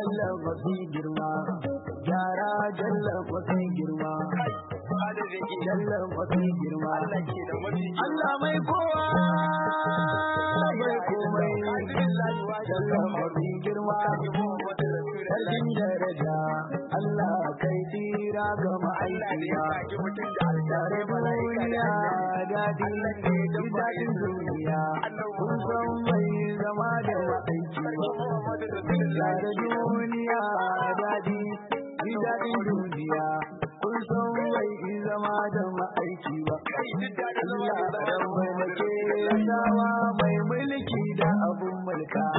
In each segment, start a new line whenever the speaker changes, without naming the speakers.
jalla mafi girma gyara jalla mafi girma jalla mafi girma Allah mai kowa mai komai jalla mafi girma sarkin daraja Allah kai tira ga ma'aikiya tare ke dadi gidajen duniya kun san mai zama da ma'aiki tare duniya dadi gidajen duniya kun san mai zama da ma'aiki ba Allah ka mai mulki da abun mulka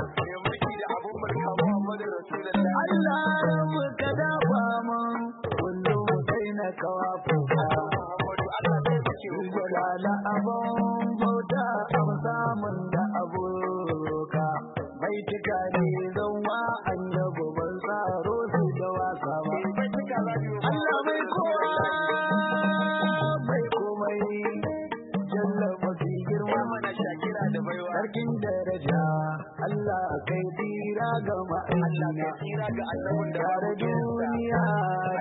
cika ne zan ma annabi ban tsaro su da wasa ba Allah mai kowa mai komai girma mana shakira da baiwa sarkin daraja Allah kai tsira ga ma'aikina da duniya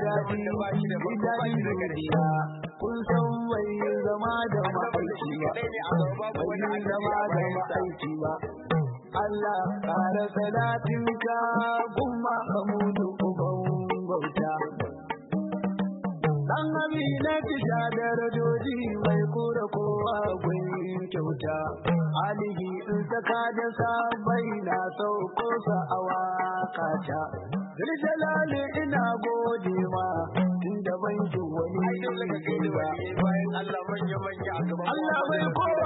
daɗi daɗi duniya kun san bai zama da ma'aiki bai zama da ma'aiki ba Allah ƙara salatinka gumma hamudu uban bauta. Ɗan na ki sha darajoji mai kura kowa gwai kyauta. Alihi in ta da sabai na sauko sa a waƙata. Rijalali ina gode ma tunda ban ji wani ba. Allah bai kowa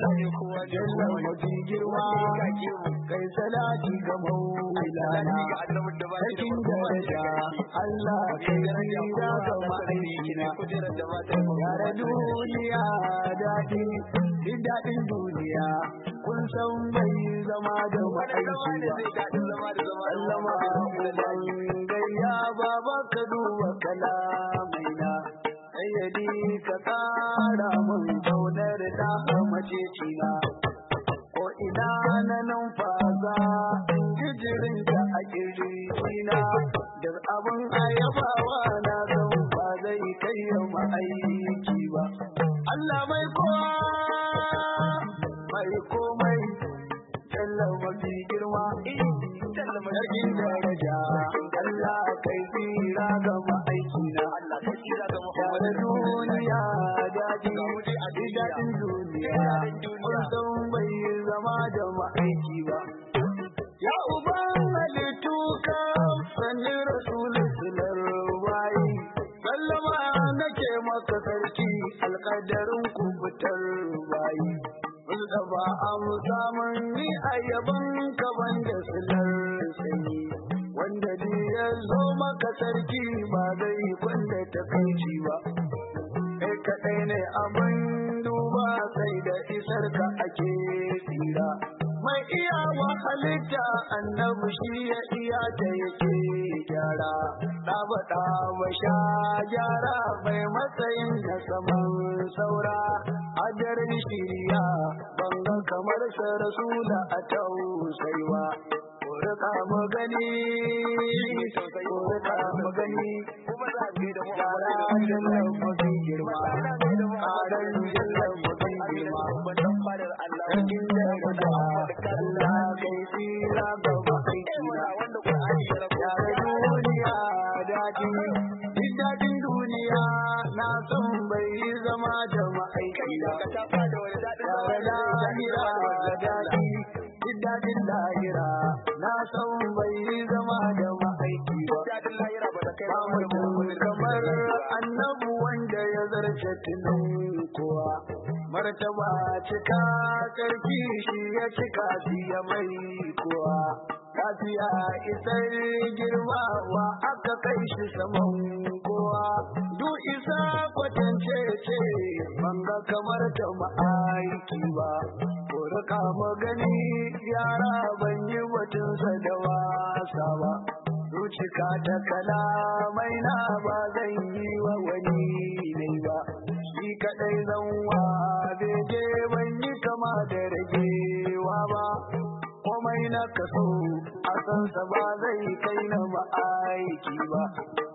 sai kuwa jalla mafi girma kai salati ga maulana cikin daraja Allah kai tsira ga ma'aikina duniya daɗi jin daɗin duniya kun san mai zama da ma'aiki ba Allah ma gayya baba ka duba kala ajali ka kara mun daular da mace cina. Ko ina na numfasa in jijirin jirin da a kirjina, dar abin ayabawa na zan ba zai kai ma aiki ba. Allah mai kowa mai komai tallama fi girma, tallama eh, fi daraja, Allah kai tsira ga ma'a. duniya daɗi a daɗin duniya kun san bai zama da ma'aiki ba ya uban halittu ka sani rasulun silar bayi sallama nake maka sarki alƙadarin kubutar bayi Mustafa amsa mun ni a yaban ka banda silar sanyi wanda ya zo maka sarki ba zai kwanda takanci ba kai kaɗai ne abin duba sai da isar ka ake tsira mai iya wa halitta annabi shi ya iya ta yake gyara ɗaba ɗaba sha gyara mai matsayin ka saman saura hadarin shiriya banga kamar sa rasula a tausaiwa Rika mu gani gani ƙaran jallar mafi girma ƙaran jallar mafi girma sarkin jarraba Allah kai ga duniya daɗin duniya na son bai zama da ma'aikina daɗin lahira na son bai zama da tattalin kuwa martaba cika karfi shi ya cika ya mai kuwa kafiya isar girma wa aka kai shi saman kowa duk isa kwatance ce banga kamar ta ma'aiki ba ko raka magani yara ban yi batunsa da wasa ba zucika ta kalamai na ba zan yi wa wani ne ba shi kaɗai zan wa bege ban yi kama da ragewa ba komai na kaso a sansa ba zai kai na ma'aiki ba